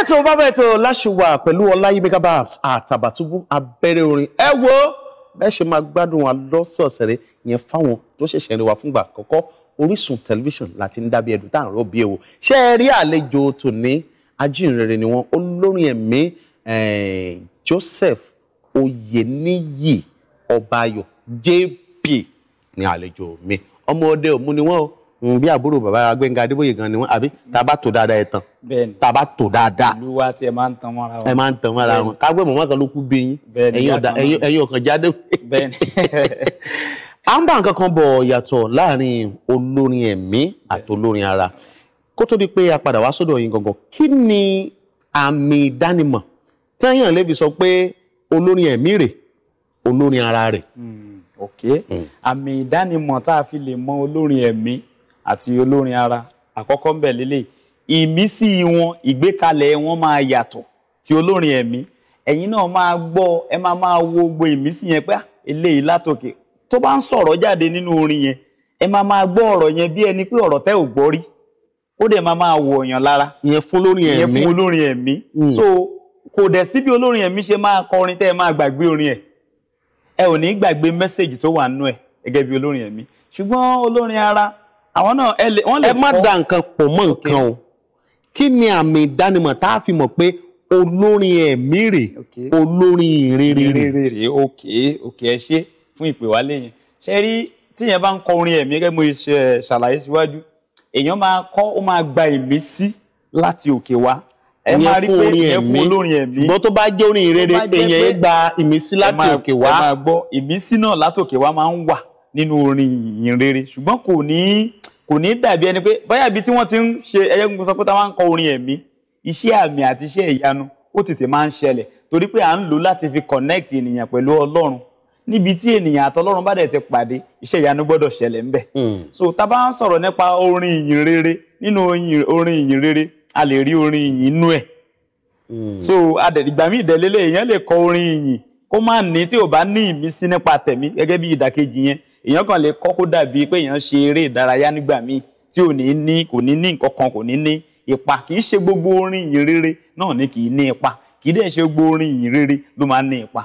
ètò bàbá ètò láṣìwà pẹ̀lú ọláyíbíkà babs àtàbàtúbú abẹ́rẹ́ orin ẹ wo bẹ́ẹ̀ ṣe máa gbádùn wa lọ́sọ̀ọ̀sẹ̀ rẹ yẹn fáwọn tó ṣẹ̀ṣẹ̀ rẹ wá fúngbà àkọ́kọ́ Orísun tẹlifíṣàn láti ń dábìí ẹ̀dùn tá à ń rọ́ bí ewo ṣé ẹ rí àlejò tòní ajínrere ni wọn olórin ẹ̀mí eh, Joseph Oyeniyi Ọbaayọ̀ JP ní àlejò mi ọmọ ọdẹ òmu ni wọn o Mm, bí àbúrò bàbá Gbẹ́ngà Adébóyè gan ni wọn àbí tá a bá tò dáadáa ẹ tán tá a bá tò dáadáa ìlú wa tí ẹ máa ń tan mọ́ra wọn ẹ máa ń tan mọ́ra wọn kágbẹ́ mọ̀mọ́ kan ló kú bí yín ẹ̀yin ọ̀kan jáde. à ń bá nǹkan kan bọ̀ yàtọ̀ láàrin olórin ẹ̀mí àti olórin ara kó tó di pé a padà wá sọ́dọ̀ yín gangan kí ni àmì ìdánimọ̀ tẹ́yàn lè fi sọ pé olórin ẹ̀mí rè olórin ara rè. Hmm, ok hmm. àmì ìdánimọ̀ tá a fi lè mọ olórin ẹ̀mí àti olórin ara àkọ́kọ́ ńbẹ̀ lélẹ̀ ìmísí wọn ìgbékalẹ̀ wọn máa yàtọ̀ ti olórin ẹ̀mí ẹ̀yin náà máa gbọ́ ẹ máa máa wo gbogbo ìmísí yẹn pé ah, eléyìí látòkè tó bá ń sọ̀rọ̀ jáde nínú orin yẹn ẹ máa máa gbọ́ ọ̀rọ̀ yẹn bí ẹni pé ọ̀rọ̀ tẹ́ ò gbọ́ rí ó dẹ̀ máa máa wọ̀ ọ̀yàn lára ìyẹn fún olórin ẹ̀mí ìyẹn fún olórin ẹ̀mí hmm. so kò dẹ̀ sí bí olórin ẹ̀mí ṣe máa kọrin tẹ́ ẹ máa gbàgbé orin ẹ̀ ẹ ò ní gbàgbé mẹ́sẹ̀gì tó wà nínú ẹ̀ gẹ́gẹ́ bí olórin ẹ̀mí ṣùgbọ́n olórin ara àwọn náà ẹ lè wọ́n lè kọ́ ẹ má da nǹkan pọ̀ mọ́ nǹkan o kí ni àmì ìdánimọ̀ tá a fi mọ̀ pé olórin ẹ̀mí rè olórin ìrere rè. òkè òkè ẹ ṣe fún ìpè wá lẹ́yìn ṣe rí tíyẹn bá ń kọ orin ẹ̀mí gẹ́gẹ́ mo ṣe eh, ṣàlàyé síwájú èèyàn máa kọ́ ó máa gba ìmísí láti òkè wá ẹ máa rí pé ìyẹn fún olórin ẹ̀mí ṣùgbọ́n tó bá jẹ́ orin ìrere èèyàn gba ìmísí láti òkè wá. ìmísí náà látòkè wá máa ń wà nínú orin ìyìn rere ṣùgbọ́n kò ní kò ní dàbí ẹni pé báyà ibi tí wọ́n ti ń ṣe ẹyẹ́gun sọ pé táwọn ń kọ orin ẹ̀mí iṣẹ́ àmì àti iṣẹ́ ìyanu ó tètè máa ń ṣẹlẹ̀ torí pé à ń lò láti fi connect ènìyàn pẹ̀lú ọlọ́run níbi tí ènìyàn àtọlọ́run bá dẹ̀ ti pàdé iṣẹ́ ìyanu gbọ́dọ̀ ṣẹlẹ̀ ńbẹ̀. Hmm. so tá a bá ń sọ̀rọ̀ nípa orin ìyìn rere nínú orin ìyìn a lè rí orin ìyìn inú ẹ̀. Hmm. so ìgbà míì ìdẹ́lélẹ̀ èèyàn lè kọ orin ìyìn kó má ní tí ò bá ní ìmísí nípa tẹ̀mí gẹ́gẹ́ bí ìdàkejì yẹn èèyàn kàn lè kọ́ kó dàbí pé èèyàn ṣe eré ìdárayá nígbà míì tí ò ní ní kò ní ní nǹkan kan kò ní ní ipa kì í ṣe gbogbo orin ìrere náà ni kì í ní ipa kì í dẹ̀ ṣe gbogbo orin ìrere ló máa ń ní ipa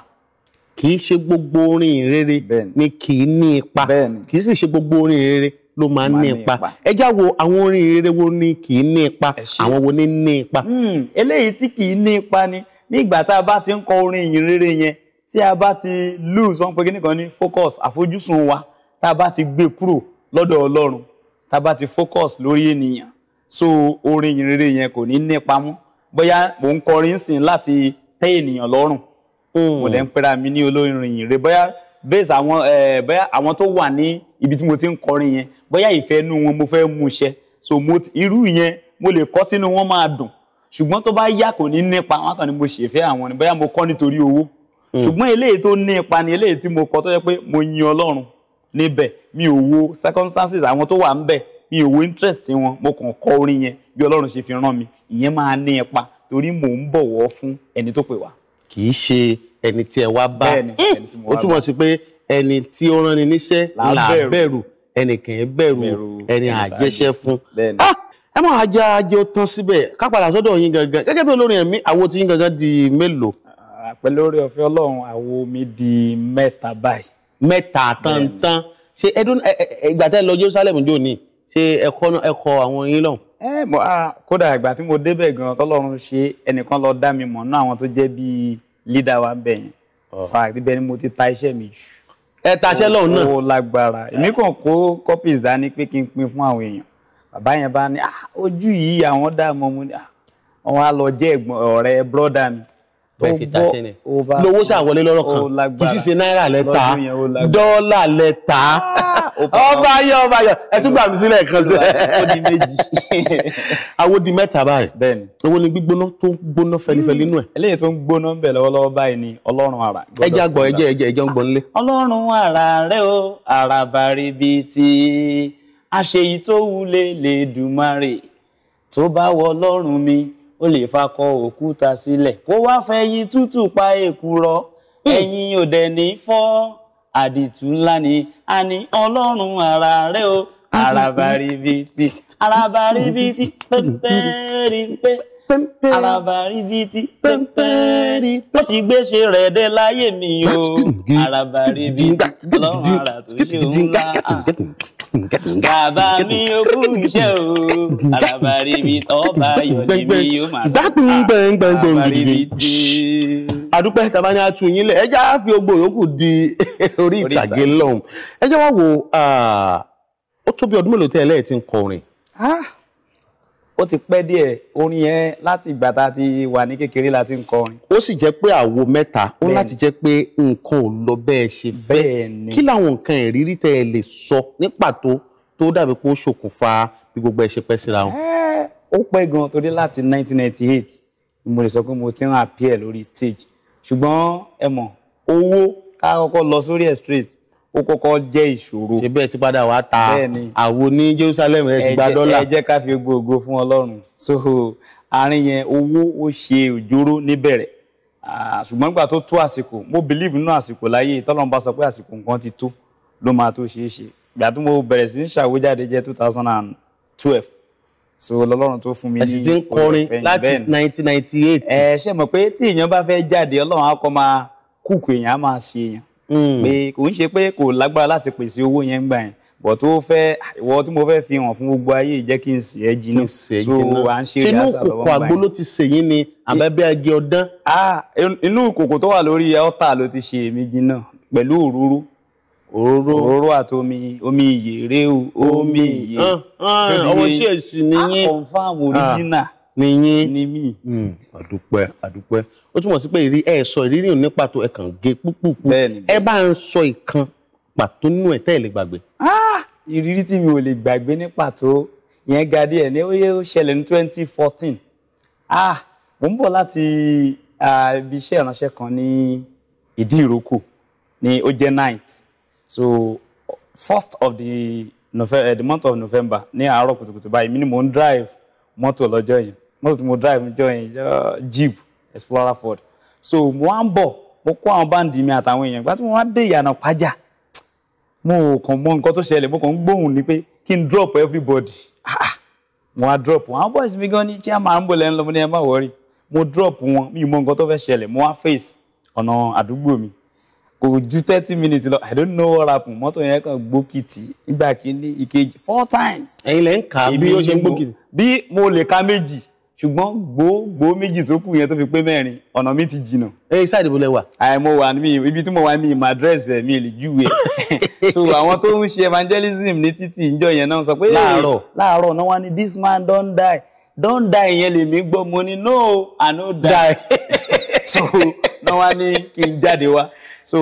kì í ṣe gbogbo orin ìrere ni kì í ní ipa kì í sì ṣe gbogbo orin ìrere ló máa ní ipa ẹ já wo àwọn orin ìrere wo ni kì í ní ipa àwọn wo ni ní ipa. Hmm, eléyìí tí kì í ní ipa ni nígbà tá a bá ti ń kọ orin ìrere yẹn tí a bá ti lose wọn pé kí nìkan ní focus àfojúsùn wa tá a bá ti gbé kúrò lọ́dọ̀ Ọlọ́run tá a bá ti focus lórí ènìyàn so orin ìrere yẹn kò ní nípa mọ́ bóyá mò ń kọrin sìn láti tẹ́ ènìyàn lọ́rùn hmm. mo lè ń pera mi ní olórin ìrere bóyá base àwọn eh, bóyá àwọn tó wà ní ibi tí mo ti ń kọrin yẹn bóyá ìfẹ́ inú wọn mo fẹ́ mú iṣẹ́ so mo irú yẹn mo lè kọ́ tínú wọn máa dùn ṣùgbọ́n tó bá yá kò ní nípa wọn kàn ní mo ṣèfẹ́ àwọn ni bóyá mo kọ́ nítorí owó Mm. ṣùgbọ́n eléyìí tó ní ipa ni eléyìí tí mo kọ tó jẹ́ pé mo yin ọlọ́run níbẹ̀ mi ò wo circumstances àwọn tó wà ń bẹ̀ mi ò wo interest wọn mo kàn kọ orin yẹn bí ọlọ́run ṣe fi rán mi ìyẹn máa ní ipa torí mò ń bọ̀wọ̀ fún ẹni tó pè wá. kì í ṣe ẹni tí ẹ wá bá mm. ó túmọ̀ sí pé ẹni tí ó rán ni níṣẹ́ là bẹ̀rù ẹnì kàn ń bẹ̀rù ẹni àjẹṣẹ́ fún ah! ẹ mọ̀ ajá ajé ó tán síbẹ̀ ká padà sọ́dọ̀ yín gangan gẹ́gẹ́ bí olórin ẹ̀mí àwo ti yín gangan di mélòó pẹ̀lú oore ọ̀fẹ́ ọlọ́run àwo mi di mẹ́ta báyìí. mẹ́ta tantan ṣé ẹdún ìgbà tẹ́ lọ Jerusalem jò ní ṣé ẹ̀kọ́ ẹ̀kọ́ àwọn yín lọ́hùn. ẹ mọ kódà ìgbà tí mo débẹ̀ gan tọ́lọ́run ṣe ẹnìkan lọ dá mi mọ̀ náà àwọn tó jẹ́ bíi leader wa bẹ̀ yẹn fa ibẹ̀ ni mo ti ta iṣẹ́ mi jù. ẹ taṣẹ́ lọ́hùn náà. o lágbára èmi kàn kó copies dání pé kí n pín fún àwọn èèyàn bàbá yẹn bá ní ah, ojú yìí àwọn dá mọ́ mo ní àwọn ah. á ọ̀rẹ́ brọ́dà mi lówó ṣàwọlé lọ́rọ̀ kan kì í sì ṣe náírà lẹ́ta dọ́là lẹ́ta ah, ọba ayọ̀ ọba ayọ̀ ẹ tún gbà mí sílẹ̀ kan sí. awo di mẹ́ta báyìí owó ni gbígbóná tó ń gbóná fẹlifẹli inú ẹ̀. eléyìí tó ń gbóná ń bẹ̀ lọ́wọ́lọ́wọ́ báyìí ni ọlọ́run ara. ẹjẹ àgbọ̀ ẹjẹ ẹjẹ ẹjẹ ń gbọ́ nílé. ọlọ́run ara rẹ o àràbà ribiti àṣeyìí tó wulẹ̀ lè dùn márè tó bá wọ ọlọ́run mi ó lè fakọ òkúta sílẹ̀ kó wá fẹ́ yí tútù pa èkùrọ́ hmm. ẹ̀yìn òdẹ ní fọ́ àdìtú ńlá ni a ní ọlọ́run ara rẹ o arabaribiti arabaribiti pẹ́ńpẹ́rípẹ́ arabaribiti pẹ́ńpẹ́rípẹ́ ó ti gbéṣe rẹ̀ dé láyé mi o arabaribiti ọlọ́run ara tó ṣe ńlá bàbá mi ò kú iṣẹ́ o àràbàrí mi ni a tún yín lẹ̀ fi ogbó yòókù di orí ìtàgé lọ́hùn ẹ já wá wo ah, ó tó bí ọdún mélòó tẹ́ ẹ lẹ́yìn tí ń kọrin. Ah, ó ti pẹ́ díẹ̀ orin yẹn láti ìgbà tá a ti wà ní kékeré la ti ń kọrin. ó sì jẹ́ pé àwo mẹ́ta ó láti jẹ́ pé nǹkan ò lọ bẹ́ẹ̀ ṣe fẹ́ kí làwọn nǹkan ìrírí tẹ́ ẹ lè sọ ní pàtó tó dàbí pé ó ṣokùnfà bí gbogbo ẹ ṣe pẹ́ síra wọn. ó pẹ́ gan torí láti 1998 mo lè sọ pé mo ti ń appear lórí stage ṣùgbọ́n ẹ mọ̀ owó ká kọ́kọ́ lọ sórí ẹ̀ straight ó kọ́kọ́ jẹ́ ìṣòro. ṣe bẹ́ẹ̀ ti padà wá ta àwo ní Jerusalem rẹ̀ ti gba dọ́là. ẹ jẹ́ ká fi gbogbo fún Ọlọ́run so àárín yẹn owó ó ṣe òjòrò níbẹ̀rẹ̀ ṣùgbọ́n nígbà tó tó àsìkò mo believe nínú àsìkò láyé tọ́lọ́run bá sọ pé àsìkò nǹkan ti tó ló máa tó ṣeé ṣe ìgbà tí mo bẹ̀rẹ̀ sí ní ṣàwéjáde jẹ́ two thousand and twelve so lọ́lọ́run tó fún mi ní ìfẹ̀yìn bẹ́ẹ̀ ni ẹ̀sìn ti ń kọrin láti nineteen ninety eight. ẹ ṣe mọ̀ pé tí èèyàn bá fẹ́ jáde Ọlọ́run á kọ́ máa kúkú èèyàn á máa ṣe èèyàn Hmm. pé kò ń ṣe pé kò lágbára láti pèsè owó yẹn gbà yẹn bọ̀ tó fẹ́ ìwọ tí mo fẹ́ fi hàn fún gbogbo ayé jẹ́ kí n sì ẹ́ jiná so à ń ṣe ìdásà lọ́wọ́ báyìí. inú kòkò àgbo ti ṣèyí ni àbẹ́bẹ́ ẹgẹ ọdán. Ah, inú kòkò tó wà lórí ọ́tà ló ti ṣe èmi jiná pẹ̀lú òróró òróró àti omi omi ìyèrè omi ìyè. ọmọ iṣẹ́ ìsìn nìyí. a kọ̀ fún oríjìnà ni yín ni mí àdúpẹ́ hmm, àdúpẹ́ ó túmọ̀ sí pé ìrí ẹ sọ ìrírí òní pàtó ẹ kàn gé púpùpù ẹ bá ń sọ ìkan pàtó nínú ẹ tẹ́ẹ̀ lè gbàgbé. Ah! ìrírí tí mi ò lè gbàgbé ní pàtó ìyẹn ga díẹ̀ ní ó ó ṣẹlẹ̀ ní twenty fourteen ah mo ń bọ̀ láti ibi iṣẹ́ ìránṣẹ́ kan ní ìdí ìrókò ní ó jẹ́ night so first of the November, eh, the month of November ní àárọ̀ kùtùkùtù báyìí mi ni mo ń drive mọ́tò lọ́jọ́ yẹn Most tí mo drive join yẹn uh, jeep explorer ford so mo wá mo ko àwọn báǹdì mi àtàwọn èèyàn gbà mo wá dé yana pàjá mo kàn mọ nǹkan tó ṣẹlẹ̀ mo kàn ń gbóhùn ni pé kí drop everybody mo wá drop wọn àwọn boys mi gan ni kí a máa ń bọ̀ lẹ́nu lọ́mọdé ẹ má wọrí mo drop wọn mi mọ nǹkan tó fẹ́ ṣẹlẹ̀ mo wá face ọ̀nà àdúgbò mi kò ju thirty minutes lọ i don't know what happen mọ́tò yẹn kàn gbókìtì ìgbà kìíní ìkejì four times. ẹ̀yin lẹ ń kà bí ó ṣe ń gbókìtì. bí mo lè ka méjì ṣùgbọ́n gbogbo méjì tó kù yẹn tó fi pé mẹ́rin ọ̀nà mi ti jìnnà. ẹ ẹ ṣáàdìbò lẹwà. àìmọ wà ní ibi tí mo wà ní ìmọ̀ àdírẹ́sì ẹ̀ mi lè júwe ẹ̀ so àwọn tó ń ṣe evangelism ní títì ìjọ yẹn náà sọ pé láàárọ̀ láàárọ̀ náà wá ní this man don die don die yẹn lè mí gbọ́ mo ní no i no die so náà wá ní kí n jáde wá so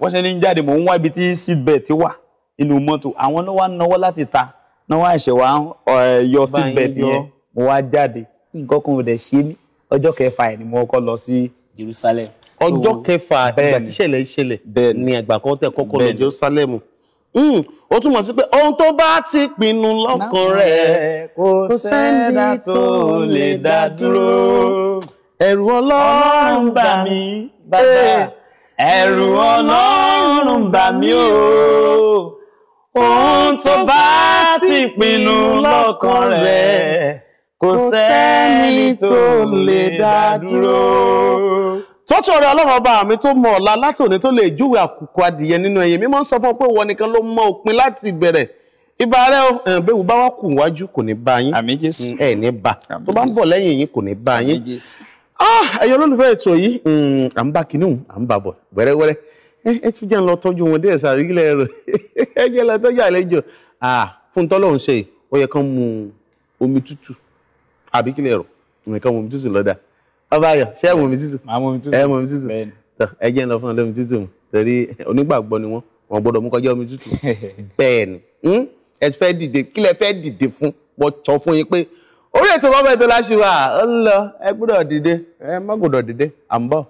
wọ́n ah, ṣe ní jáde mò ń wá ibi tí seatbelt wà inú mọ́tò àwọn náà wá náwó láti ta náà wá ẹ̀ṣẹ̀ wá yọ seatbelt yẹn mo wá jáde nǹkan kan ò dẹ̀ ṣe mí ọjọ́ kẹfà ẹ̀ ni mo kọ́ lọ sí Jerusalem. ọjọ́ kẹfà ìgbà tíṣẹ̀lẹ̀ ìṣẹ̀lẹ̀ ni àgbà kan tẹ̀ kọ́kọ́ lọ Jerusalem hmm, ó túmọ̀ sí pé ohun tó bá ti pinnu lọ́kàn rẹ̀ kò sẹ́ni tó lè dá dúró ẹ̀rù ọlọ́run bà mí eh. ẹ̀rù ọlọ́run bà mí o ohun tó bá ti pinnu lọ́kàn rẹ̀ kò sẹ́ni tó lè dá dúró. tọ́tù ọ̀rẹ́ ọlọ́run ọba mi tó mọ ọ̀la látòní tó lè júwe àkùkọ adìyẹ nínú ẹ̀yìn mi máa ń sọ fún ọ pé ìwọ nìkan ló mọ òpin láti ìbẹ̀rẹ̀ ibà rẹ bẹ́ẹ̀ bá wà kù wájú kò ní bá yín mm, ẹ̀ ní bá tó bá ń bọ̀ lẹ́yìn yín kò ní bá yín. Ah, ẹ̀yin olólùfẹ́ ètò yìí mm, à ń bá kinní à ń bá bọ̀ wẹ́rẹ́wẹ́rẹ́ ẹ tún jẹ́ ń lọ tọ́jú wọn díẹ̀ sàrílẹ̀ rẹ̀ ẹ jẹ́ lọ tọ́jú àlejò ah, fún tọ́lọ́run ṣe ó yẹ kán mu omi tútù àbí kílẹ̀ rọ̀ nǹkan mọ̀mí tútù lọ́dà ọbaayọ ṣé ẹ mọ̀mí tútù ẹ mọ̀mí tútù ẹ jẹ́ ń lọ fún ọlọ́mí tútù mu torí onígbàgbọ́ ni wọ́n wọ́n gbọ́dọ̀ mú kọjá omi tútù bẹ́ẹ̀ ni hmm? ẹ ti fẹ́ dìde kílẹ̀ fẹ́ dìde fún wọ́n tọ́ fún yín pé orí ètò bọ́bẹ̀ tó láṣìwà ó ń lọ ẹ gbọ́dọ̀ dìde ẹ má gbọ́dọ̀ dìde à ń bọ̀.